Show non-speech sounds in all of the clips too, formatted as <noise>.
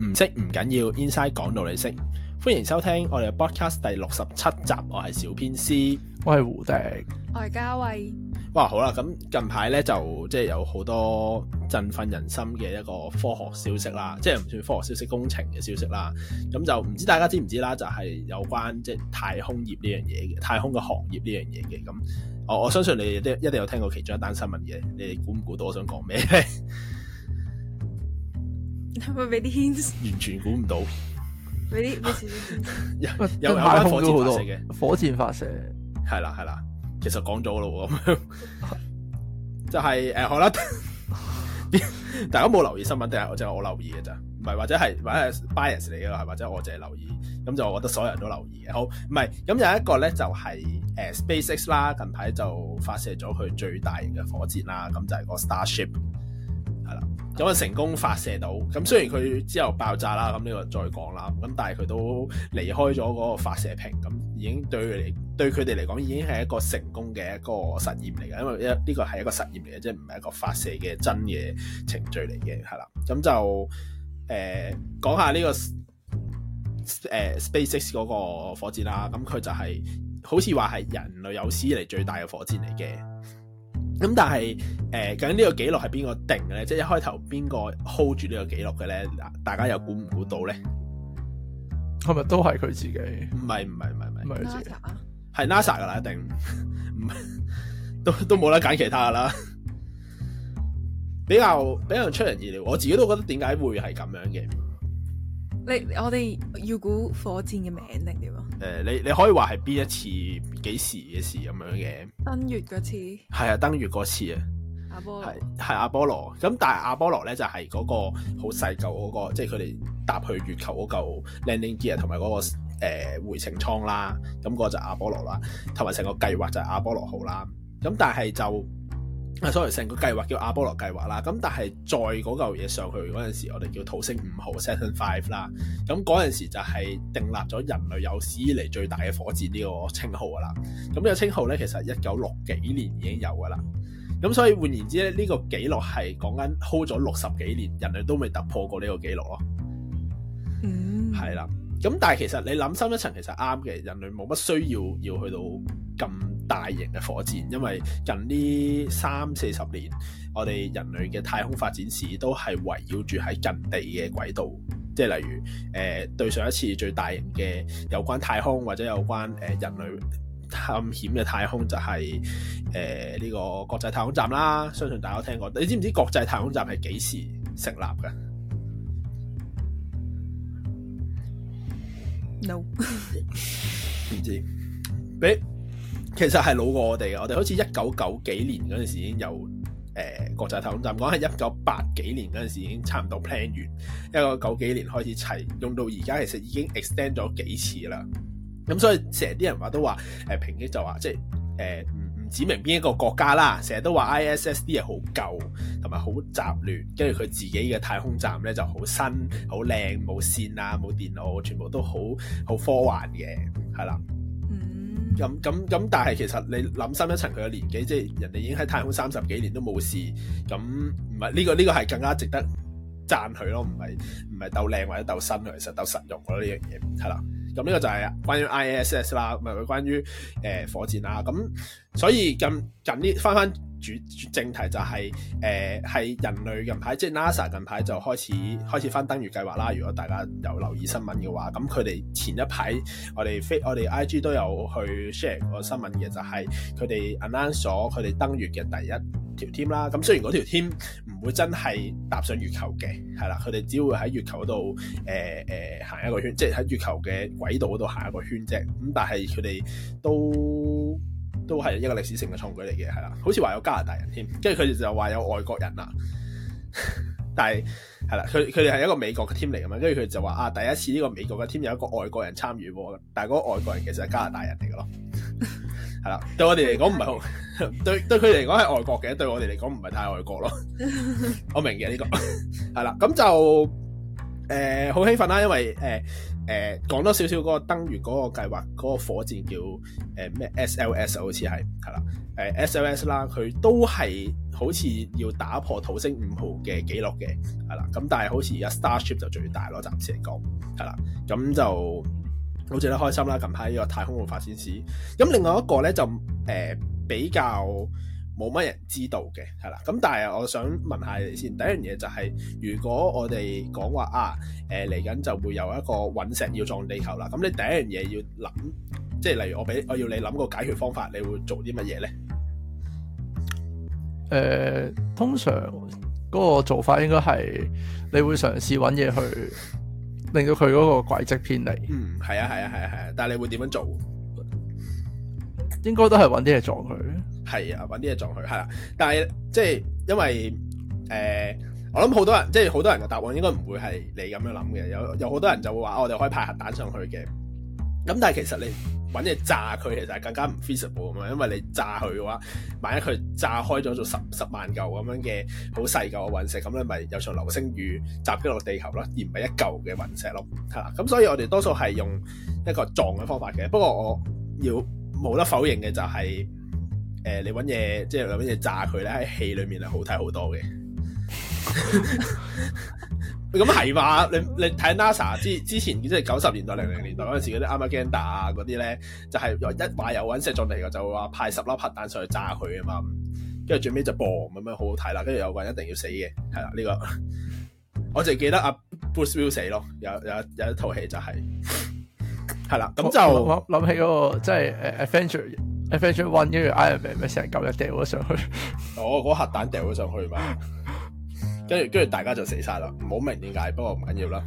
唔識唔緊要，Inscie 講到你識。歡迎收聽我哋嘅 podcast 第六十七集，我係小編 C，我係胡迪，我係家威。哇，好啦，咁近排呢就即係有好多振奮人心嘅一個科學消息啦，即係唔算科學消息工程嘅消息啦。咁就唔知道大家知唔知啦，就係、是、有關即係太空業呢樣嘢嘅太空嘅行業呢樣嘢嘅。咁我我相信你哋一定有聽過其中一單新聞嘅。你哋估唔估到我想講咩？會俾啲 hints 完全估唔到。俾啲咩事？又太空咗火箭發射。係啦係啦，其實講咗咯咁樣， <laughs> 就係、是、誒，可、呃、能 <laughs> 大家冇留意新聞，定係我即係我留意嘅咋？唔係或者係或者係 bias 嚟噶，係或者我淨係留意，咁就我覺得所有人都留意嘅。好，唔係咁有一個咧就係、是、誒、呃、SpaceX 啦，近排就發射咗佢最大型嘅火箭啦，咁就係個 Starship。有個成功發射到，咁雖然佢之後爆炸啦，咁呢個再講啦。咁但係佢都離開咗嗰個發射瓶，咁已經對佢嚟對佢哋嚟講已經係一個成功嘅一個實驗嚟嘅，因為一呢個係一個實驗嚟嘅，即係唔係一個發射嘅真嘅程序嚟嘅，係啦。咁就誒、呃、講下呢、這個誒、呃、SpaceX 嗰個火箭啦，咁佢就係、是、好似話係人類有史以來最大嘅火箭嚟嘅。咁、嗯、但係誒、呃，究竟這個錄呢個紀錄係邊個定嘅咧？即係一開頭邊個 hold 住呢個紀錄嘅咧？嗱，大家又估唔估到咧？係咪都係佢自己？唔係唔係唔係唔係佢自己？係 NASA 噶啦，一定唔 <laughs> 都都冇得揀其他噶啦。 <laughs> 比較比較出人意料，我自己都覺得點解會係咁樣嘅。你我哋要估火箭嘅名定點呀。呃、你你可以話係邊一次幾時嘅事咁樣嘅？登月嗰次，係啊，登月嗰次啊，阿波羅係阿波羅。咁但係阿波羅咧就係、是、嗰個好細嚿嗰個，即係佢哋搭去月球嗰嚿靚靚嘅同埋嗰個 Gear、那個呃、回程艙啦。咁、那、嗰、個、就係阿波羅啦，同埋成個計劃就係阿波羅號啦。咁但係就。啊所謂成個計劃叫阿波羅計劃啦，咁但係再嗰嚿嘢上去嗰陣時，我哋叫土星五號 （Saturn V） 啦，咁嗰陣時就係訂立咗人類有史以嚟最大嘅火箭個稱個稱呢個稱號噶啦。咁呢個稱號咧，其實一九六幾年已經有噶啦。咁所以換言之咧，呢、這個紀錄係講緊 hold 咗六十幾年，人類都未突破過呢個紀錄咯。嗯，係啦。咁但係其實你諗深一層，其實啱嘅。人類冇乜需要要去到咁大型嘅火箭，因為近呢三四十年，我哋人類嘅太空發展史都係圍繞住喺近地嘅軌道，即係例如誒、呃、對上一次最大型嘅有關太空或者有關、呃、人類探險嘅太空、就係，就係呢個國際太空站啦。相信大家都聽過，你知唔知國際太空站係幾時成立嘅？no 唔知，俾其實係老過我哋嘅。我哋好似一九九幾年嗰陣時已經有誒、呃、國際太空站，講係一九八幾年嗰陣時已經差唔多 plan 完，一九九幾年開始砌，用到而家其實已經 extend 咗幾次啦。咁所以成日啲人話都話誒，評級就話即係誒。呃指明邊一個國家啦，成日都話 ISSD 係好舊同埋好雜亂，跟住佢自己嘅太空站咧就好新好靚，冇線啊，冇電腦，全部都好好科幻嘅，係啦。咁咁咁，但係其實你諗深一層，佢嘅年紀即係人哋已經喺太空三十幾年都冇事，咁唔係呢個呢個係更加值得讚佢咯，唔係唔係鬥靚或者鬥新啊，其實鬥實用嗰呢樣嘢係啦。咁呢個就係關於 ISS 啦，唔係佢關於誒火箭啦咁。所以近近呢翻翻主，主正題就係誒係人類近排即係 NASA 近排就開始開始翻登月計劃啦。如果大家有留意新聞嘅話，咁佢哋前一排我哋飛我哋 IG 都有去 share 個新聞嘅，就係、是、佢哋 announce 咗佢哋登月嘅第一條 team 啦。咁雖然嗰條 team 唔會真係踏上月球嘅，係啦，佢哋只會喺月球度誒、呃呃、行一個圈，即係喺月球嘅軌道度行一個圈啫。咁但係佢哋都。都係一個歷史性嘅創舉嚟嘅，係啦，好似話有加拿大人添，跟住佢哋就話有外國人啦，但係，係啦，佢佢哋係一個美國嘅 team 嚟噶嘛，跟住佢就話啊，第一次呢個美國嘅 team 有一個外國人參與，但係嗰個外國人其實係加拿大人嚟噶咯，係啦， <laughs> 對我哋嚟講唔係好，對對佢哋嚟講係外國嘅，對我哋嚟講唔係太外國咯， <laughs> 我明嘅呢、這個係啦，咁就誒好、呃、興奮啦，因為誒。呃誒講、呃、多少少個個登月嗰個計劃，嗰、那個火箭叫誒咩、呃、SLS、啊、好似係啦，SLS 啦，佢、呃啊、都係好似要打破土星五號嘅記錄嘅啦，咁但係好似而家 Starship 就最大咯，暫時嚟講啦，咁就好似得開心啦、啊，近排呢個太空嘅發展史，咁另外一個咧就誒、呃、比較。冇乜人知道嘅，係啦。咁但係我想問下你先，第一樣嘢就係、是、如果我哋講話啊，誒嚟緊就會有一個隕石要撞地球啦。咁你第一樣嘢要諗，即係例如我俾我要你諗個解決方法，你會做啲乜嘢咧？誒、呃，通常嗰個做法應該係你會嘗試揾嘢去令到佢嗰個軌跡偏離。嗯，係啊，係啊，係啊，係啊。但係你會點樣做？應該都係揾啲嘢撞佢。係啊，揾啲嘢撞佢係啦，但係即係因為誒、呃，我諗好多人即係好多人嘅答案應該唔會係你咁樣諗嘅，有有好多人就會話、啊、我哋可以派核彈上去嘅。咁但係其實你揾嘢炸佢其實係更加唔 feasible 啊嘛，因為你炸佢嘅話，萬一佢炸開咗做十十萬嚿咁樣嘅好細嚿嘅隕石，咁你咪有場流星雨襲擊落地球咯，而唔係一嚿嘅隕石咯，係啦。咁所以我哋多數係用一個撞嘅方法嘅。不過我要冇得否認嘅就係、係。誒、呃，你搵嘢，即係搵嘢炸佢咧，喺戲裏面係好睇好多嘅。咁係嘛？你你睇 NASA 之之前，即係九十年代，零零年代嗰陣時嗰啲 Armageddon 啊嗰啲咧，就係、是，一話有隕石撞嚟嘅，就會話派十粒核彈上去炸佢啊嘛。跟住最尾就 boom 咁樣好，好好睇啦。跟住又話一定要死嘅，係啦呢個。我淨係記得阿 Bruce Willis 咯，有有有一套戲就係係啦。咁就諗起嗰、那個即係、就、誒、是、Avenger eventually one 跟住 Iron Man 成日嚿嘢掉咗上去，我嗰、哦那個、核彈掉咗上去嘛，跟住跟住大家就死晒啦，唔好明點解，不過唔緊要啦，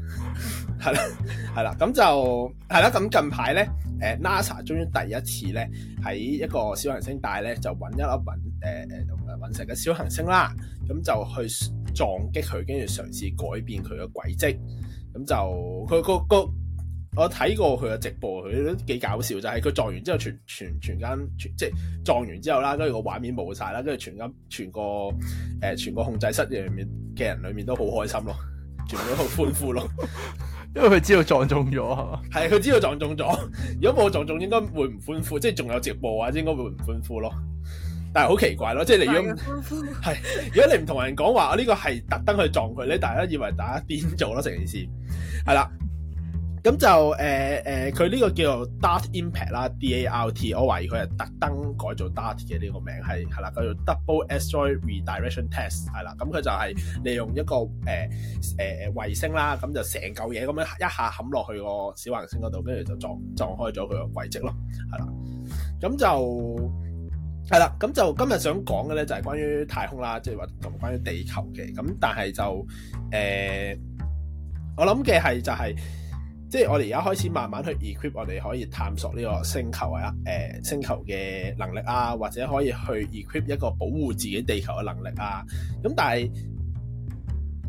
係啦係啦，咁就係啦，咁近排咧，誒 NASA 終於第一次咧喺一個小行星帶咧就揾一粒隕誒誒隕石嘅小行星啦，咁就去撞擊佢，跟住嘗試改變佢嘅軌跡，咁就佢個個我睇過佢嘅直播，佢都幾搞笑。就係、係、佢撞完之後，全全全間即係撞完之後啦，跟住個畫面冇晒啦，跟住全全個全個，呃，全個控制室裏面嘅人裏面都好開心咯，全部都好歡呼咯， <laughs> 因為佢知道撞中咗，係嘛？係佢知道撞中咗。如果冇撞中，應該會唔歡呼，即係仲有直播啊，應該會唔歡呼咯。但係好奇怪咯，即係你如果…… <laughs> 如果你唔同人講話，我呢個係特登去撞佢咧，大家以為大家癲咗咯，成件事係啦。咁就誒誒，佢、呃、呢、呃、個叫做 Dart Impact 啦，D A R T。我懷疑佢係特登改做 Dart 嘅呢個名係係啦，叫做 Double Asteroid Redirection Test 係啦。咁佢就係利用一個誒、呃呃、衛星啦，咁就成嚿嘢咁樣一下冚落去個小行星嗰度，跟住就撞撞開咗佢個軌跡咯，係啦。咁就係啦。咁就今日想講嘅咧，就係關於太空啦，即係話同關於地球嘅。咁但係就誒、呃，我諗嘅係就係、係。即係我哋而家開始慢慢去 equip，我哋可以探索呢個星球啊，誒、呃，星球嘅能力啊，或者可以去 equip 一個保護自己地球嘅能力啊。咁但係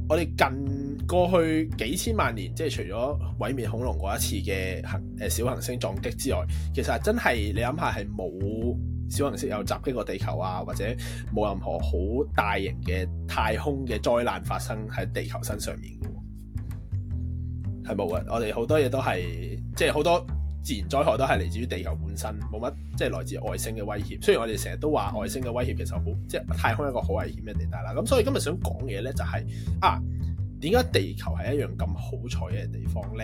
我哋近過去幾千萬年，即係除咗毀滅恐龍嗰一次嘅行，誒，小行星撞擊之外，其實真係你諗下係冇小行星有襲擊過地球啊，或者冇任何好大型嘅太空嘅災難發生喺地球身上面。係冇嘅，我哋好多嘢都係，即係好多自然災害都係嚟自於地球本身，冇乜即係來自外星嘅威脅。雖然我哋成日都話外星嘅威脅其實好，即係太空係一個好危險嘅地帶啦。咁所以今日想講嘅嘢呢，就係啊，點解地球係一樣咁好彩嘅地方呢？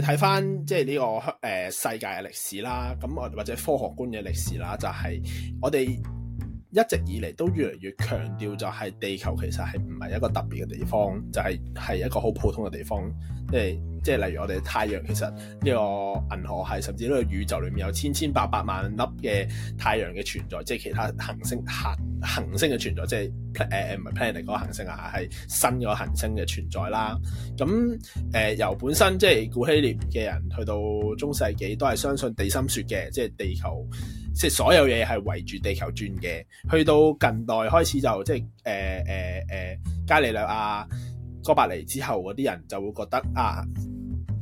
睇翻即係呢個世界嘅歷史啦，咁我或者科學觀嘅歷史啦，就係我哋。一直以嚟都越嚟越強調，就係地球其實係唔係一個特別嘅地方，就係、係、係一個好普通嘅地方。即係即係例如我哋太陽其實呢個銀河系，甚至呢個宇宙裏面有千千百百萬粒嘅太陽嘅存在，即係其他行星、行行星嘅存在，即係誒唔係 planet 嗰個行星啊，係新嗰個行星嘅存在啦。咁誒、呃、由本身即係古希臘嘅人去到中世紀都係相信地心說嘅，即係地球。即係所有嘢係圍住地球轉嘅，去到近代開始就即係誒誒誒，伽、呃呃、利略啊哥白尼之後嗰啲人就會覺得啊，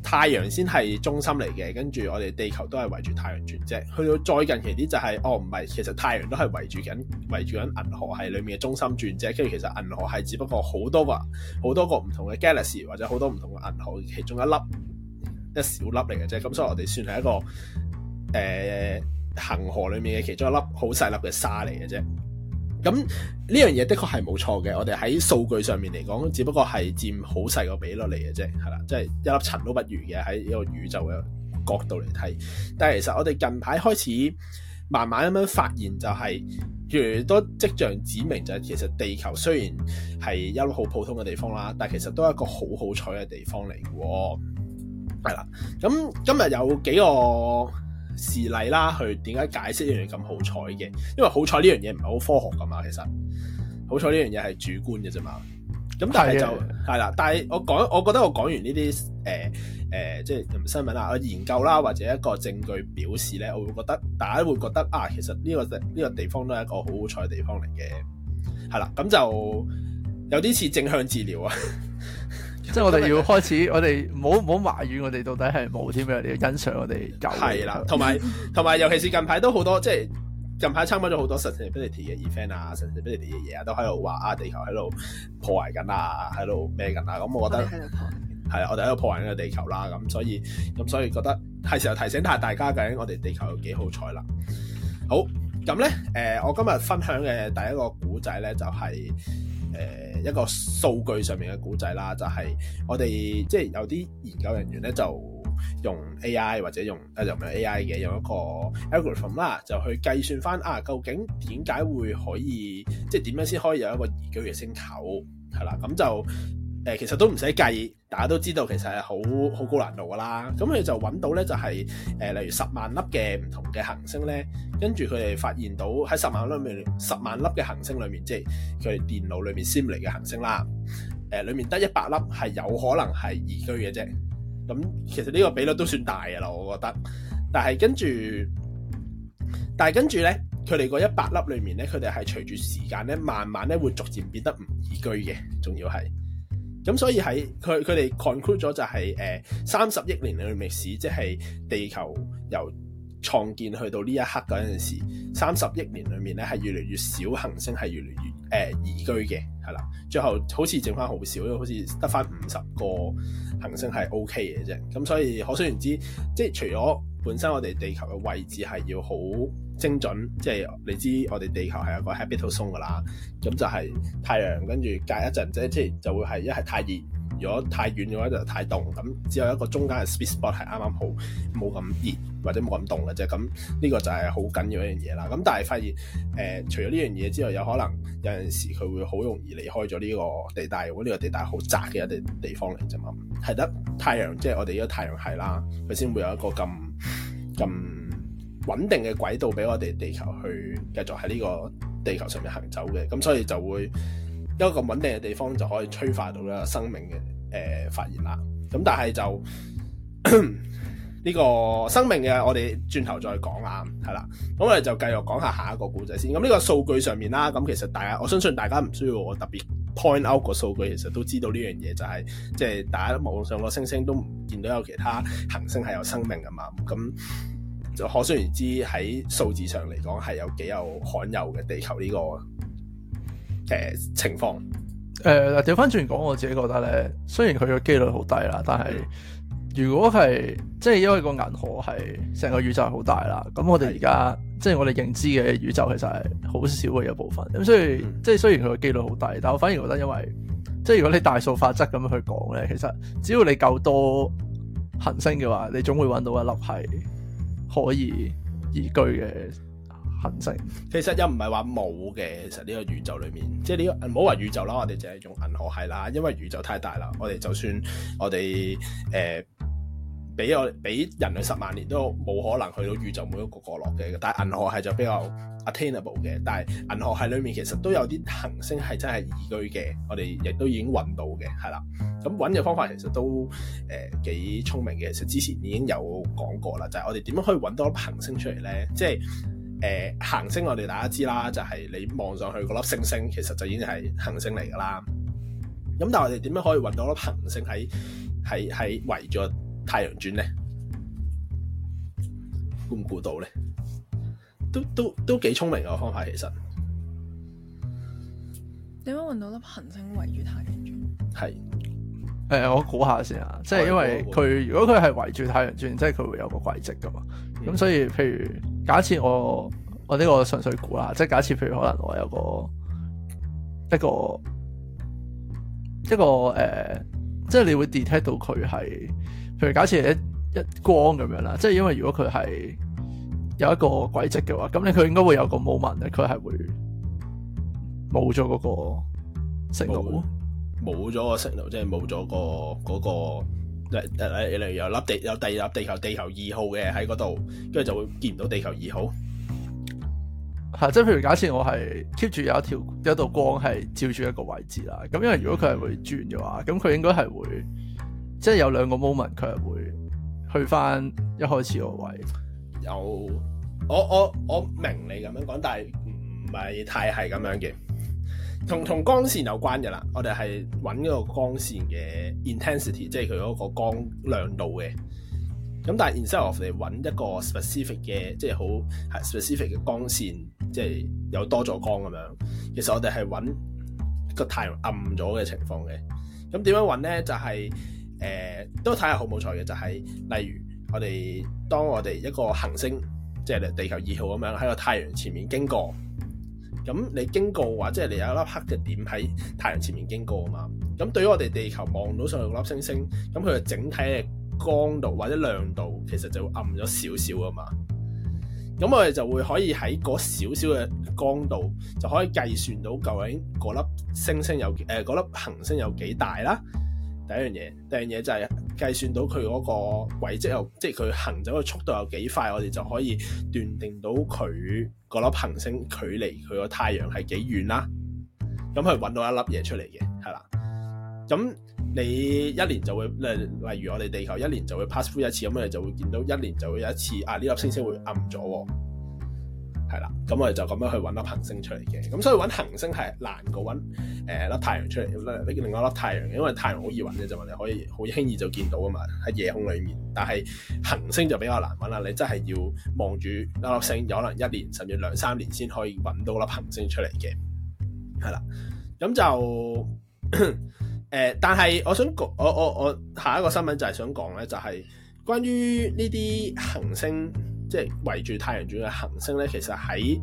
太陽先係中心嚟嘅，跟住我哋地球都係圍住太陽轉啫。去到再近期啲就係、是、哦，唔係，其實太陽都係圍住緊圍住緊銀河系裏面嘅中心轉啫。跟住其實銀河系只不過好多,多個好多個唔同嘅 galaxy 或者好多唔同嘅銀河其中一粒一小粒嚟嘅啫。咁所以我哋算係一個誒。呃恆河裏面嘅其中一粒好細粒嘅沙嚟嘅啫，咁呢樣嘢的確係冇錯嘅。我哋喺數據上面嚟講，只不過係佔好細個比例嚟嘅啫，係啦，即係一粒塵都不如嘅，喺一個宇宙嘅角度嚟睇。但係其實我哋近排開始慢慢咁樣發現，就係越嚟越多跡象指明，就係其實地球雖然係一粒好普通嘅地方啦，但係其實都係一個好好彩嘅地方嚟嘅。係啦，咁今日有幾個。事例啦，去點解解釋呢樣嘢咁好彩嘅？因為好彩呢樣嘢唔係好科學噶嘛，其實好彩呢樣嘢係主觀嘅啫嘛。咁但係就係啦的，但係我講，我覺得我講完呢啲誒誒，即、呃、係、呃就是、新聞啦，我研究啦，或者一個證據表示咧，我會覺得大家會覺得啊，其實呢、呢個呢、呢個地方都係一個好好彩嘅地方嚟嘅。係啦，咁就有啲似正向治療啊。 <laughs> <music> 即係我哋要開始， <music> 我哋唔好唔好埋怨我們，我哋到底係冇添咩，你要欣賞我哋的 <laughs> 有。係啦，同埋同埋，尤其是近排都好多，即係近排參與咗好多 sustainability 嘅 event 啊 sustainability 嘅嘢啊，都喺度話啊，地球喺度破壞緊啊，喺度咩緊啊！咁我覺得係 <music> 我哋喺度破壞緊個地球啦。咁所以咁所以覺得係時候提醒下大家究竟我哋地球有幾好彩啦。好咁咧，誒、呃，我今日分享嘅第一個古仔咧，就係、是。誒一個數據上面嘅古仔啦，就係、是、我哋即係有啲研究人員咧，就用 AI 或者用誒唔係 AI 嘅，用一個 algorithm 啦，就去計算返啊，究竟點解會可以即係點樣先可以有一個宜居嘅星球係啦，咁就。誒，其實都唔使計，大家都知道其實係好好高難度㗎啦。咁佢就揾到咧，就係、是、誒、呃，例如十萬粒嘅唔同嘅行星咧，跟住佢哋發現到喺十萬粒裏面十萬粒嘅行星裏面，即係佢哋電腦裏面先嚟嘅行星啦。誒、呃，裏面得一百粒係有可能係宜居嘅啫。咁其實呢個比率都算大㗎啦，我覺得。但係跟住，但係跟住咧，佢哋嗰一百粒裏面咧，佢哋係隨住時間咧，慢慢咧會逐漸變得唔宜居嘅，仲要係。咁所以喺佢佢哋 conclude 咗就係誒，三十億年裏面歷史，即係地球由創建去到呢一刻嗰陣時，三十億年裏面咧係越嚟越少行星係越嚟越誒、呃、宜居嘅，係啦，最後好似剩翻好少，好似得翻五十個行星係 OK 嘅啫。咁所以可想而知，即係除咗。本身我哋地球嘅位置係要好精準，即係你知我哋地球係有個 habitable zone 㗎啦。咁就係太陽跟住隔一陣啫，即係就會係一係太熱，如果太遠嘅話就太凍，咁只有一個中間嘅 space spot 係啱啱好，冇咁熱或者冇咁凍嘅啫。咁呢個就係好緊要嘅一樣嘢啦。咁但係發現誒、呃、除咗呢樣嘢之外，有可能有陣時佢會好容易離開咗呢個地帶，如果呢個地帶好窄嘅一啲地方嚟啫嘛。係得太陽，即係我哋呢個太陽系啦，佢先會有一個咁。咁穩定嘅軌道俾我哋地球去繼續喺呢個地球上面行走嘅，咁所以就會一個穩定嘅地方就可以催化到呢個生命嘅誒發現啦。咁但係就呢個生命嘅，呃這個、命我哋轉頭再講啊，係啦。咁我哋就繼續講一下下一個故仔先。咁呢個數據上面啦，咁其實大家，我相信大家唔需要我特別。Point out 個數據其實都知道呢樣嘢就係、是、即係大家望上個星星都唔見到有其他行星係有生命㗎嘛，咁就可想而知喺數字上嚟講係有幾有罕有嘅地球呢、這個誒、呃、情況。誒調翻轉嚟講，我自己覺得咧，雖然佢個機率好低啦，但係。嗯如果係，即係因為個銀河系成個宇宙好大啦，咁我哋而家即係我哋認知嘅宇宙其實係好少嘅一部分，咁、嗯、所以即係雖然佢嘅機率好低，但我反而覺得因為即係如果你大數法則咁樣去講咧，其實只要你夠多行星嘅話，你總會揾到一粒係可以移居嘅行星。其實又唔係話冇嘅，其實呢個宇宙裡面，即係呢個唔好話宇宙啦，我哋淨係用銀河系啦，因為宇宙太大啦，我哋就算我哋誒。呃俾我俾人類十萬年都冇可能去到宇宙每一個角落嘅，但係銀河系就比較 attainable 嘅。但係銀河系裏面其實都有啲行星係真係宜居嘅。我哋亦都已經揾到嘅係啦。咁揾嘅方法其實都誒、呃、幾聰明嘅。其實之前已經有講過啦，就係、是、我哋點樣可以揾到粒行星出嚟咧？即係誒行星，我哋大家知啦，就係、是、你望上去嗰粒星星其實就已經係恆星嚟㗎啦。咁但係我哋點樣可以揾到粒行星喺喺喺圍住？太陽轉咧，估唔估到咧？都都都幾聰明嘅方法，其實。點樣搵到粒行星圍住太陽轉？係是，誒、欸，我估下先啊，即係因為佢、哦、如果佢係圍住太陽轉，即係佢會有個軌跡㗎嘛。咁、嗯、所以，譬如假設我我呢個純粹估啦，即係假設譬如可能我有個一個一個誒、呃，即係你會 detect 到佢係。譬如假設一一光咁樣啦，即係因為如果佢係有一個軌跡嘅話，咁咧佢應該會有個 moment 咧，佢係會冇咗嗰個 signal 冇咗個 signal 即係冇咗個嗰個，例例如有粒地有第二粒地球地球二號嘅喺嗰度，跟住就會見唔到地球二號。吓，即係譬如假設我係 keep 住有一條有一道光係照住一個位置啦，咁因為如果佢係會轉嘅話，咁佢、嗯、應該係會。即係有兩個 moment，佢係會去翻一開始個位置。有，我我我明你咁樣講，但係唔係太係咁樣嘅。同同光線有關嘅啦，我哋係揾嗰個光線嘅 intensity，即係佢嗰個光亮度嘅。咁但係 instead of 我哋揾一個 specific 嘅，即係好係 specific 嘅光線，即係有多咗光咁樣。其實我哋係揾個太暗咗嘅情況嘅。咁點樣揾咧？就係誒，都睇下好唔好彩嘅，就係、是、例如我哋當我哋一個行星，即係地球二號咁樣喺個太陽前面經過，咁你經過或者係你有一粒黑嘅點喺太陽前面經過啊嘛，咁對於我哋地球望到上去嗰粒星星，咁佢嘅整體嘅光度或者亮度，其實就會暗咗少少啊嘛，咁我哋就會可以喺嗰少少嘅光度，就可以計算到究竟嗰粒星星有幾誒粒行星有幾大啦。第一樣嘢，第二樣嘢就係計算到佢嗰個軌跡，即係佢行走嘅速度有幾快，我哋就可以斷定到佢嗰粒行星距離佢個太陽係幾遠啦。咁佢揾到一粒嘢出嚟嘅，係啦。咁你一年就會例例如我哋地球一年就會 pass through 一次，咁我就會見到一年就會有一次啊呢粒星星會暗咗。係啦，咁我哋就咁樣去揾粒行星出嚟嘅，咁所以揾行星係難過揾、呃、粒太陽出嚟，另另外一粒太陽，因為太陽好易揾嘅就話你可以好輕易就見到啊嘛，喺夜空裏面，但係行星就比較難揾啦，你真係要望住粒粒星，可能一年甚至兩三年先可以揾到粒行星出嚟嘅，係啦，咁就、 <coughs> 呃、但係我想講，我我我下一個新聞就係想講咧，就係關於呢啲行星。即係圍住太陽轉嘅行星咧，其實喺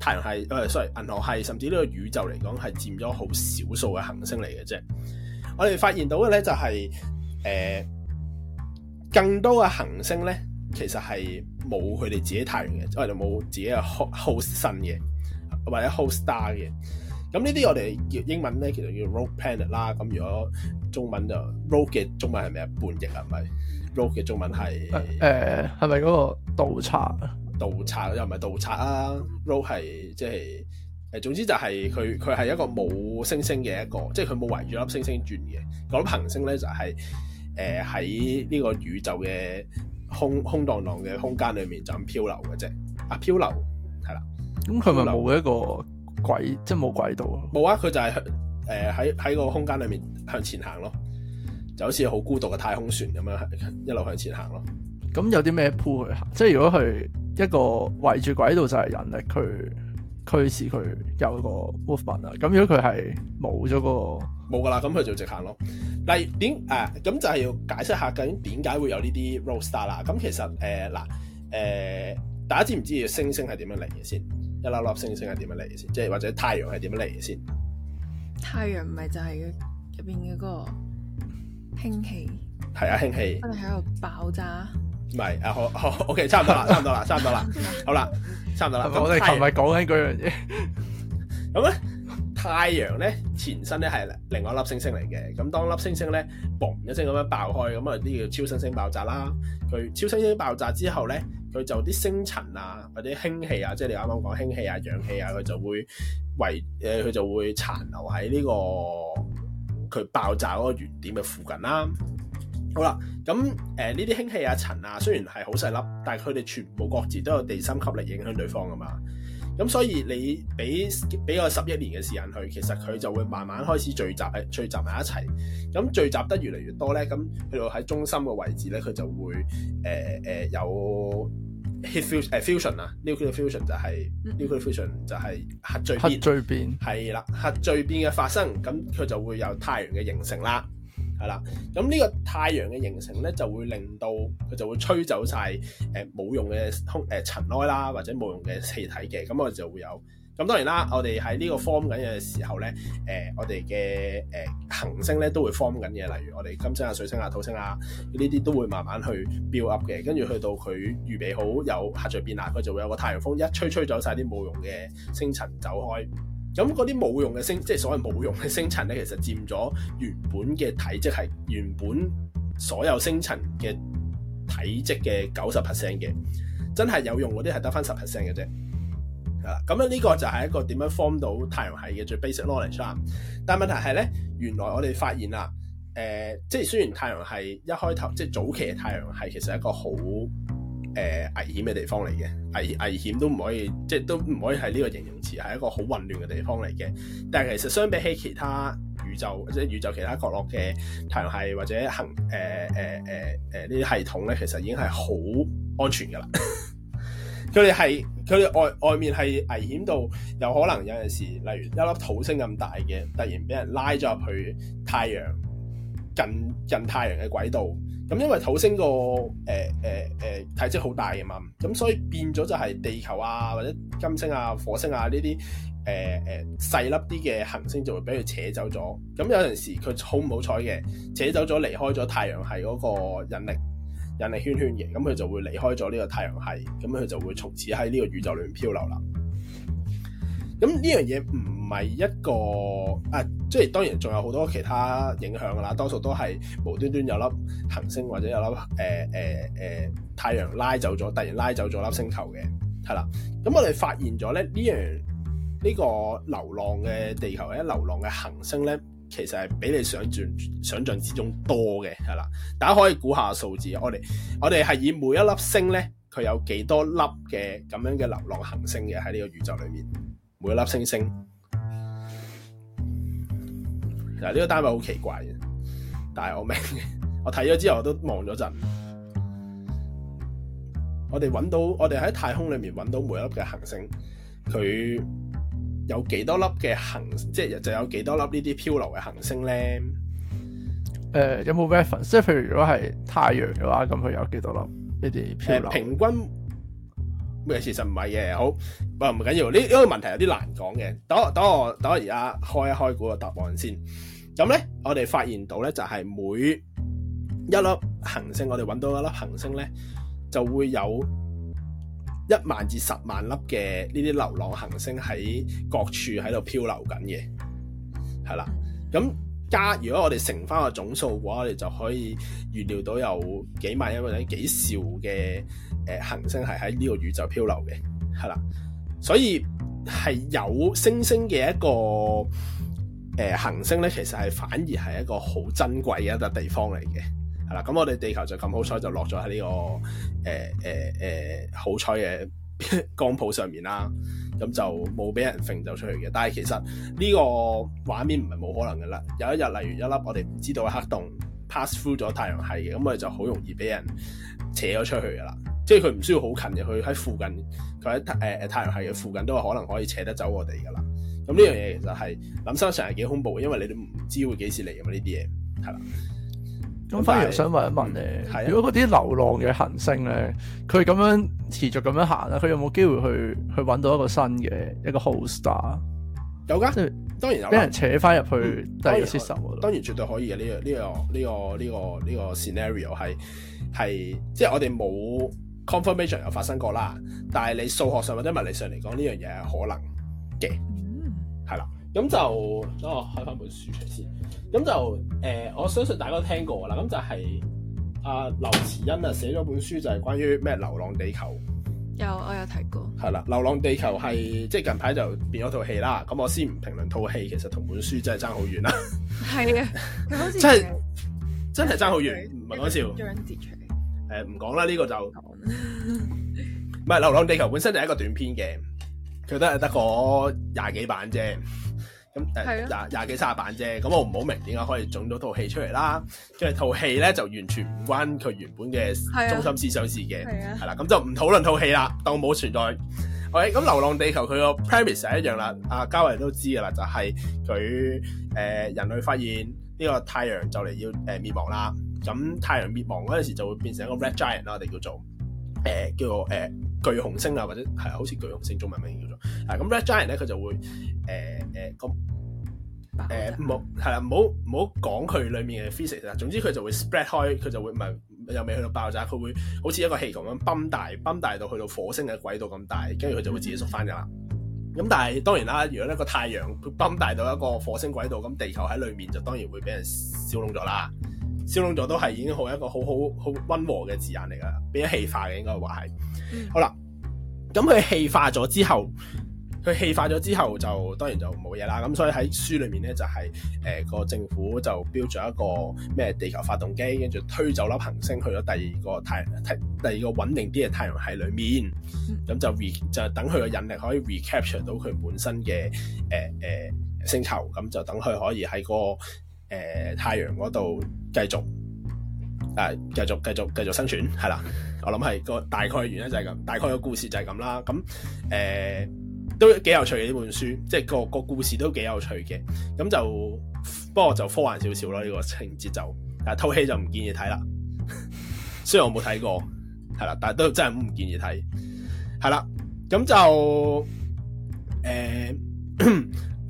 太陽系、誒、哎、sorry 銀河系，甚至呢個宇宙嚟講，係佔咗好少數嘅行星嚟嘅啫。我哋發現到嘅咧就係、是呃、更多嘅行星咧，其實係冇佢哋自己太陽嘅，即係哋冇自己嘅 host sun 嘅，或者 host star 嘅。咁呢啲我哋叫英文咧，其實叫 rogue planet 啦。咁如果中文就 rogue 嘅中文係咩啊？半徑、呃呃、啊，咪 rogue 嘅中文係誒係咪嗰個盜賊啊？盜賊又唔係盜賊啊？rogue 係即係誒，總之就係佢佢係一個冇星星嘅一個，即係佢冇圍住粒星星轉嘅嗰粒行星咧，就係誒喺呢個宇宙嘅空空蕩蕩嘅空間裡面就咁漂流嘅啫。啊，漂流係啦。咁佢咪冇一個？軌即係冇軌道啊，冇啊、就是，佢就係誒喺喺個空間裏面向前行咯，就好似好孤獨嘅太空船咁樣，一路向前行咯。咁有啲咩 push 去行？即係如果佢一個圍住軌道就係人力，佢驅使佢有一個 movement 啊。咁如果佢係冇咗個冇噶啦，咁佢就直行咯。嗱點誒，咁、啊、就係要解釋下究竟點解會有呢啲 roadstar 啦。咁其實誒嗱誒。呃呃呃大家知唔知星星係點樣嚟嘅先？一粒粒星星係點樣嚟嘅先？即係或者太陽係點樣嚟嘅先？太陽唔係就係入邊嘅個氫氣係啊，氫氣。佢哋喺度爆炸。唔係啊，好，好，好，OK，差唔多啦，差唔多啦， <laughs> 差唔多啦，好啦， <laughs> 差唔多啦。我哋琴日講緊嗰樣嘢。咁咧，太陽咧前身咧係另外一粒星星嚟嘅。咁當粒星星咧嘣一聲咁樣爆開，咁啊呢叫超新星爆炸啦。佢超新星爆炸之後咧。佢就啲星塵啊，或者氫氣啊，即係你啱啱講氫氣啊、氧氣啊，佢就會遺誒，佢就會殘留喺呢、這個佢爆炸嗰個原點嘅附近啦、啊。好啦，咁誒呢啲氫氣啊、塵啊，雖然係好細粒，但係佢哋全部各自都有地心吸力影響對方噶嘛。咁所以你俾俾個十一年嘅時間佢，其實佢就會慢慢開始聚集聚集埋一齊。咁聚集得越嚟越多咧，咁去到喺中心嘅位置咧，佢就會誒誒、呃呃、有 heat fusion 啊，nuclear、嗯、fusion 就係、是嗯、nuclear fusion 就係核聚變。核聚變係啦，核聚變嘅發生，咁佢就會有太陽嘅形成啦。係啦，咁呢個太陽嘅形成咧，就會令到佢就會吹走晒誒冇用嘅空誒塵埃啦，或者冇用嘅氣體嘅，咁我哋就會有。咁當然啦，我哋喺呢個 form 緊嘅時候咧，誒、呃、我哋嘅誒行星咧都會 form 緊嘅，例如我哋金星啊、水星啊、土星啊呢啲都會慢慢去 build up 嘅，跟住去到佢預備好有核聚變啦，佢就會有個太陽風一吹，吹走晒啲冇用嘅星塵走開。咁嗰啲冇用嘅星，即係所謂冇用嘅星塵咧，其實佔咗原本嘅體積係原本所有星塵嘅體積嘅九十 percent 嘅，真係有用嗰啲係得翻十 percent 嘅啫。係啦，咁呢個就係一個點樣 form 到太陽系嘅最 basic knowledge 啦。但問題係咧，原來我哋發現啦，呃，即係雖然太陽系一開頭即係早期嘅太陽系其實係一個好。誒、呃，危險嘅地方嚟嘅，危危險都唔可以，即係都唔可以係呢個形容詞，係一個好混亂嘅地方嚟嘅。但係其實相比起其他宇宙，即係宇宙其他角落嘅太陽系或者行，誒誒誒誒，呢啲系統咧，其實已經係好安全噶啦。佢哋係佢哋外外面係危險到，有可能有陣時，例如一粒土星咁大嘅，突然俾人拉咗入去太陽。近近太陽嘅軌道，咁因為土星個誒誒誒體積好大嘅嘛，咁所以變咗就係地球啊或者金星啊火星啊呢啲誒誒細粒啲嘅行星就會俾佢扯走咗。咁有陣時佢好唔好彩嘅扯走咗，離開咗太陽系嗰個引力引力圈圈嘅，咁佢就會離開咗呢個太陽系，咁佢就會從此喺呢個宇宙裏面漂流啦。咁呢樣嘢唔係一個啊，即係當然仲有好多其他影響噶啦。多數都係無端端有粒行星或者有粒誒誒誒太陽拉走咗，突然拉走咗粒星球嘅係啦。咁我哋發現咗咧呢樣呢個流浪嘅地球或者流浪嘅行星咧，其實係比你想象想象之中多嘅係啦。大家可以估下數字，我哋我哋係以每一粒星咧，佢有幾多粒嘅咁樣嘅流浪行星嘅喺呢個宇宙裏面。每一粒星星，嗱、啊、呢、這個單位好奇怪嘅，但係我明，我睇咗之後我都望咗陣。我哋揾到，我哋喺太空裏面揾到每一粒嘅行星，佢有幾多粒嘅恆星，即係就有幾多粒呢啲漂流嘅行星咧？誒、呃，有冇 reference？即係譬如如果係太陽嘅話，咁佢有幾多粒呢啲漂流，呃？平均。咩？其實唔係嘅，好唔緊要。呢呢個問題有啲難講嘅。等我等我等我而家開一開個答案先。咁咧，我哋發現到咧，就係每一粒行星，我哋搵到一粒行星咧，就會有一萬至十萬粒嘅呢啲流浪行星喺各處喺度漂流緊嘅，係啦。咁。加，如果我哋乘翻個總數嘅話，我哋就可以預料到有幾萬億或者、幾兆嘅誒行星係喺呢個宇宙漂流嘅，係啦。所以係有星星嘅一個誒、呃、行星咧，其實係反而係一個好珍貴嘅一個地方嚟嘅，係啦。咁我哋地球就咁好彩，就落咗喺呢個誒誒誒好彩嘅。呃呃 <laughs> 光譜上面啦，咁就冇俾人揈走出去嘅。但係其實呢個畫面唔係冇可能噶啦，有一日例如一粒我哋唔知道嘅黑洞 pass through 咗太陽系嘅，咁我哋就好容易俾人扯咗出去噶啦。即係佢唔需要好近嘅，佢喺附近，佢喺誒太陽系嘅附近都係可能可以扯得走我哋噶啦。咁呢樣嘢其實係諗生常係幾恐怖，因為你都唔知會幾時嚟㗎嘛呢啲嘢，係啦。咁反而我想問一問咧，如果嗰啲流浪嘅行星咧，佢咁、嗯啊、樣持續咁樣行，佢有冇機會去去揾到一個新嘅一個 host、啊、star 有噶，當然有，俾人扯翻入去第二個 system、嗯。當然絕對可以嘅呢、呢個呢、呢個呢、呢個呢、呢個呢、呢個 scenario 係即係我哋冇 confirmation 有發生過啦。但係你數學上或者物理上嚟講，呢樣嘢係可能嘅，係啦、嗯。咁就等我開翻本書出先。咁就誒、呃，我相信大家都聽過啦。咁就係、是、阿、啊、劉慈欣啊，寫咗本書就係關於咩《流浪地球》。有，我有睇過。係啦的，《流浪地球》係即係近排就變咗套戲啦。咁我先唔評論套戲，其實同本書真係爭好遠啦。係啊，真係真係爭好遠，唔係講笑。出嚟誒唔講啦，呢個就唔係《流浪地球》本身就係一個短篇嘅，佢都係得嗰廿幾版啫。咁誒廿廿幾三十版啫，咁我唔好明點解可以整到套戲出嚟啦。跟住套戲咧就完全唔關佢原本嘅中心思想事嘅，係啦、啊，咁、啊、就唔討論套戲啦，當冇存在。喂，咁《流浪地球》佢個 premise 一樣啦，啊嘉維都知噶啦，就係佢誒人類發現呢個太陽就嚟要、呃、滅亡啦。咁太陽滅亡嗰陣時就會變成一個 red giant 啦，我哋叫做誒、呃、叫做誒。呃巨紅星啊，或者係好似巨紅星中文名叫做，啊咁 Red Giant 咧，佢就會誒誒個誒唔好係啦，唔好唔好講佢裡面嘅 physics 啦。總之佢就會 spread 開，佢就會唔係又未去到爆炸，佢會好似一個氣球咁崩大，崩大到去到火星嘅軌道咁大，跟住佢就會自己縮翻㗎啦。咁、嗯、但係當然啦，如果一個太陽佢崩大到一個火星軌道，咁地球喺裏面就當然會俾人燒燶咗啦。燒融咗都係已經好一個好好好溫和嘅字眼嚟噶，變咗氣化嘅應該話係。好啦，咁佢氣化咗之後，佢氣化咗之後就當然就冇嘢啦。咁所以喺書裏面咧，就係誒個政府就標咗一個咩地球發動機，跟住推走粒行星去咗第二個太太第二個穩定啲嘅太陽系裏面，咁就 re 就等佢嘅引力可以 recapture 到佢本身嘅誒誒星球，咁就等佢可以喺個。誒、呃，太陽嗰度繼續，誒、呃，繼續繼續繼續生存係啦，我諗係個大概原因就係咁，大概個故事就係咁啦。咁誒、呃、都幾有趣嘅呢本書，即係個個故事都幾有趣嘅。咁就不過就科幻少少咯呢、這個情節就，但係套戲就唔建議睇啦。雖然我冇睇過，係啦，但係都真係唔建議睇。係啦，咁就誒。呃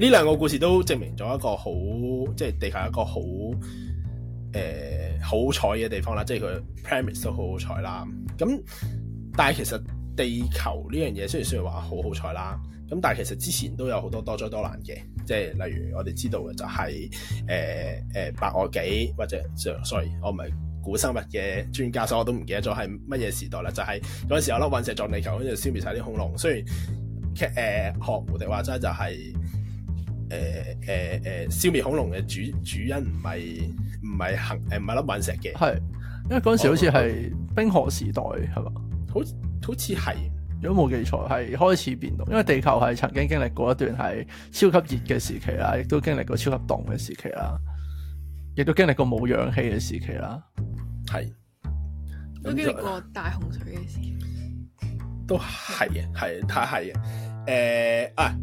呢兩個故事都證明咗一個好，即係地球一個好，誒好彩嘅地方啦，即係佢 premise 都好好彩啦。咁但係其實地球呢樣嘢雖然雖然話好好彩啦，咁但係其實之前都有好多多災多難嘅，即係例如我哋知道嘅就係誒誒白堊紀或者 Sorry，我唔係古生物嘅專家，所以我都唔記得咗係乜嘢時代啦。就喺嗰個時候咯，隕石撞地球跟住消滅晒啲恐龍。雖然誒、呃、學胡迪話齋就係、是。誒誒誒，消滅恐龍嘅主主因唔係唔係行誒唔係粒隕石嘅，係因為嗰陣時好似係冰河時代係嘛，好好似係如果冇記錯係開始變動，因為地球係曾經經歷過一段係超級熱嘅時期啦，亦都經歷過超級凍嘅時期啦，亦都經歷過冇氧氣嘅時期啦，係都經歷過大洪水嘅時期，就是、都係嘅係，太係嘅，誒、呃、啊！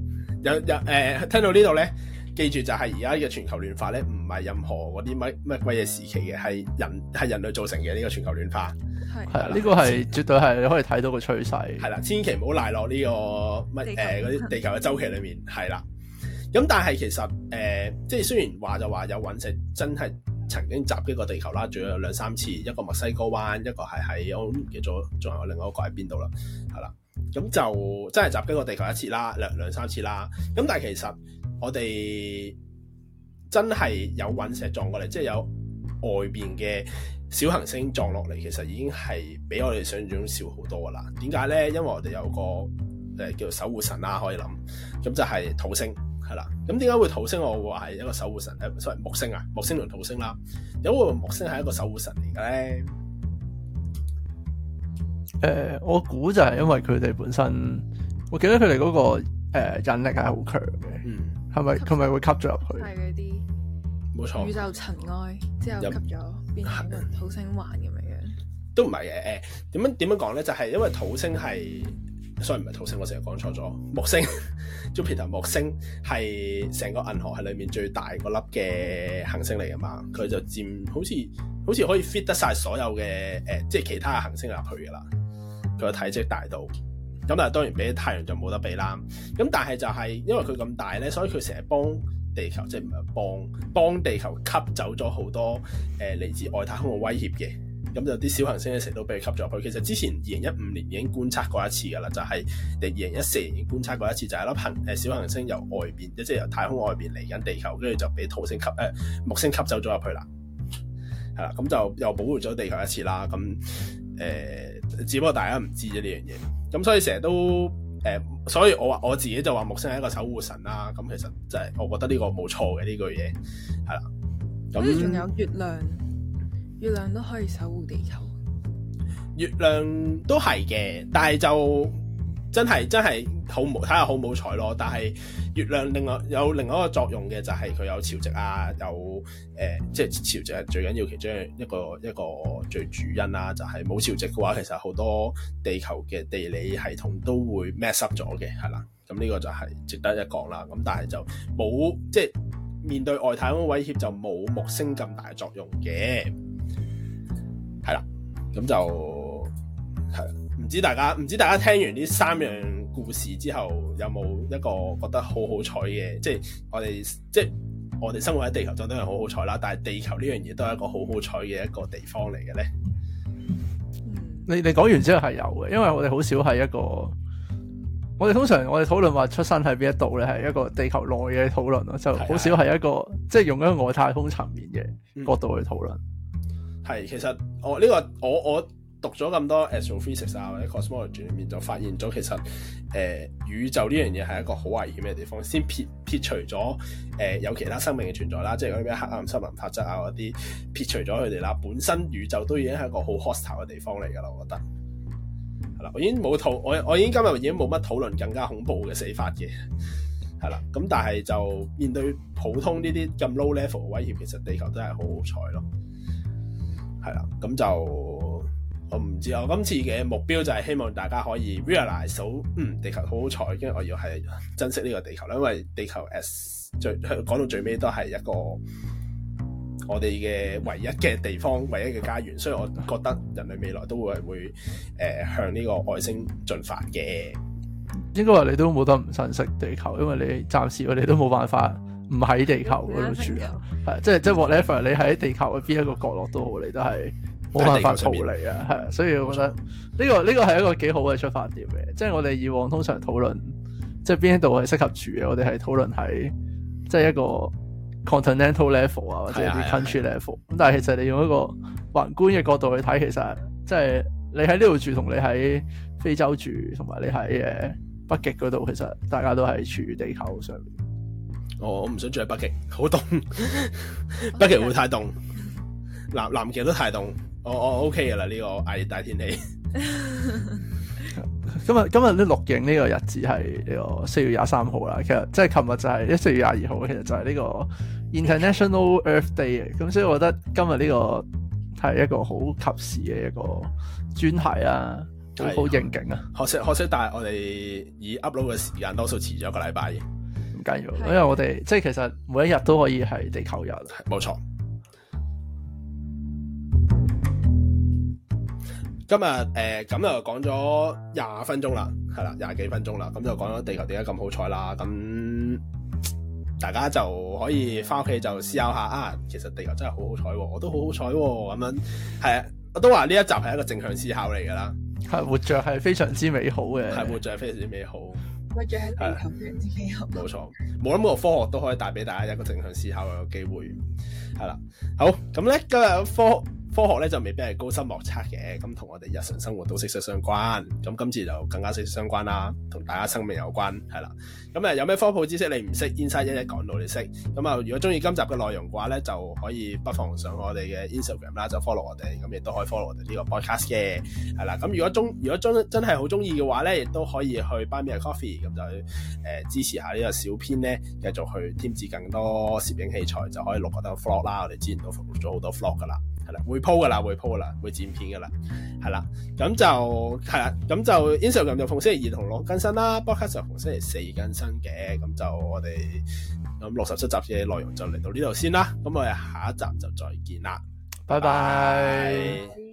有有誒、呃、聽到呢度咧，記住就係而家呢個全球暖化咧，唔係任何嗰啲乜乜鬼嘢時期嘅，係人係人類造成嘅呢、呢個全球暖化。係啊的，呢個係絕對係你可以睇到個趨勢。係啦，千祈唔好賴落呢個乜嗰啲地球嘅周期裏面。係啦，咁、嗯、但係其實誒、呃，即係雖然話就話有隕石真係曾經襲擊過地球啦，仲有兩三次，一個墨西哥灣，一個係喺我唔記得咗，仲有另外一個喺邊度啦。係啦。咁就真係襲擊過地球一次啦，兩兩三次啦。咁但係其實我哋真係有隕石撞過嚟，即係有外邊嘅小行星撞落嚟，其實已經係比我哋想象中少好多噶啦。點解咧？因為我哋有個誒叫做守護神啦，可以諗，咁就係土星係啦。咁點解會土星我會話係一個守護神誒、呃？所謂木星啊，木星同土星啦，有冇木星係一個守護神嚟嘅咧？誒、呃，我估就係因為佢哋本身，我記得佢哋嗰個誒引力係好強嘅，係咪佢咪會吸咗入去？係嗰啲，冇錯，宇宙塵埃之後吸咗邊個土星環咁樣嘅？都唔係嘅，誒，點樣點樣講咧？就係因為土星係 sorry 唔係土星，我成日講錯咗木星 Jupiter 木星係成個銀河系裏面最大嗰粒嘅行星嚟噶嘛，佢就佔好似好似可以 fit 得晒所有嘅誒、呃，即係其他嘅行星入去噶啦。佢個體積大到，咁但係當然俾啲太陽就冇得比啦。咁但係就係因為佢咁大咧，所以佢成日幫地球，即係唔係幫幫地球吸走咗好多誒嚟、呃、自外太空嘅威脅嘅。咁就啲小行星咧成日都俾佢吸咗入去。其實之前二零一五年已經觀察過一次噶啦，就係二零一四年已經觀察過一次，就係粒恆誒小行星由外邊，即、就、係、是、由太空外邊嚟緊地球，跟住就俾土星吸誒、呃、木星吸走咗入去啦。係啦，咁就又保護咗地球一次啦。咁誒。呃只不過大家唔知啫，呢樣嘢，咁所以成日都誒、欸，所以我話我自己就話木星係一個守護神啦，咁其實就係我覺得呢個冇錯嘅呢句嘢，係啦，咁仲有月亮，月亮都可以守護地球，月亮都係嘅，但係就。真係真係好冇睇下好唔好彩咯，但係月亮另外有另外一個作用嘅，就係佢有潮汐啊，有、呃、即係潮汐係最緊要其中一個一個最主因啦、啊。就係冇潮汐嘅話，其實好多地球嘅地理系統都會 mess up 咗嘅，係啦。咁呢個就係值得一講啦。咁但係就冇即係面對外太空嘅威脅就冇木星咁大作用嘅，係啦。咁就係唔知大家，唔知大家聽完呢三樣故事之後有冇一個覺得好好彩嘅？即係我哋即係我哋生活喺地球度都係好好彩啦，但係地球呢樣嘢都係一個好好彩嘅一個地方嚟嘅呢。你你講完之後係有嘅，因為我哋好少係一個，我哋通常我哋討論話出生喺邊一度呢係一個地球內嘅討論咯，就好少係一個即係用一個外太空層面嘅角度去討論。係、嗯，其實我呢個我我。我讀咗咁多 astrophysics 啊或者 cosmology 裏面就發現咗其實誒、呃、宇宙呢樣嘢係一個好危險嘅地方，先撇撇除咗誒、呃、有其他生命嘅存在啦，即係嗰啲咩黑暗森林法則啊嗰啲撇除咗佢哋啦，本身宇宙都已經係一個好 hostile 嘅地方嚟噶啦，我覺得係啦，我已經冇討我我已經今日已經冇乜討論更加恐怖嘅死法嘅，係啦，咁但係就面對普通呢啲咁 low level 嘅威脅，其實地球真係好好彩咯，係啦，咁就。我唔知，我今次嘅目標就係希望大家可以 realize 到，嗯，地球好好彩，因為我要係珍惜呢個地球啦。因為地球 as 最講到最尾都係一個我哋嘅唯一嘅地方，唯一嘅家園。所以我覺得人類未來都會會誒、呃、向呢個外星進發嘅。應該話你都冇得唔認識地球，因為你暫時你都冇辦法唔喺地球嗰度住啊。 <laughs> 即係即係 whatever 你喺地球嘅邊一個角落都好，你都係。冇辦法逃離啊，係，所以我覺得呢個呢個係一個幾好嘅出發點嘅，即係我哋以往通常討論，即係邊一度係適合住嘅，我哋係討論喺即係一個 continental level 啊，或者啲 country level，咁但係其實你用一個宏觀嘅角度去睇，其實即係你喺呢度住同你喺非洲住同埋你喺北極嗰度，其實大家都係處於地球上面。哦，我我唔想住喺北極，好凍， <laughs> <laughs> 北極會太凍， <laughs> 南南極都太凍。我我、oh, oh, OK 嘅啦，呢、這個艾葉大天氣 <laughs> 今日今日呢錄影呢個日子係呢個四月廿三號啦。其實即係琴日就係一四月廿二號，其實就係呢個 International Earth Day。咁 <laughs> 所以我覺得今日呢個係一個好及時嘅一個專題啊，好好應景啊。可惜可惜，但係我哋以 upload 嘅時間，多數遲咗一個禮拜。唔緊要， <laughs> 因為我哋 <laughs> 即係其實每一日都可以係地球日。冇錯。今日誒，咁又講咗廿分鐘啦，係啦，廿幾分鐘啦，咁就講咗地球點解咁好彩啦，咁大家就可以翻屋企就思考下啊，其實地球真係好好彩，我都好好彩咁樣，係啊，我都話呢一集係一個正向思考嚟噶啦，係活着係非常之美好嘅，係活着係非常之美好，活着係非常美好。冇錯，冇諗過科學都可以帶俾大家一個正向思考嘅機會，係啦，好，咁咧今日嘅科。科學咧就未必係高深莫測嘅，咁同我哋日常生活都息息相關。咁今次就更加息息相關啦，同大家生命有關係啦。咁有咩科普知識你唔識，Inscie 一一講到你識。咁啊，如果中意今集嘅內容嘅話咧，就可以不妨上我哋嘅 Instagram 啦，就 follow 我哋。咁亦都可以 follow 我哋呢個 broadcast 嘅係啦。咁如果中如果真真係好中意嘅話咧，亦都可以去 Buy Me A coffee 咁就誒、呃、支持下呢個小編咧，繼續去添置更多攝影器材就可以錄得 Vlog 啦。我哋之前都錄咗好多 Vlog 噶啦。會鋪噶啦，會鋪噶啦，會剪片噶啦，係啦，咁就係啦，咁就 Instagram 就逢星期二同六更新啦，Podcast 就逢星期四更新嘅，咁就我哋咁六十七集嘅內容就嚟到呢度先啦，咁我哋下一集就再見啦，拜拜 bye。Bye bye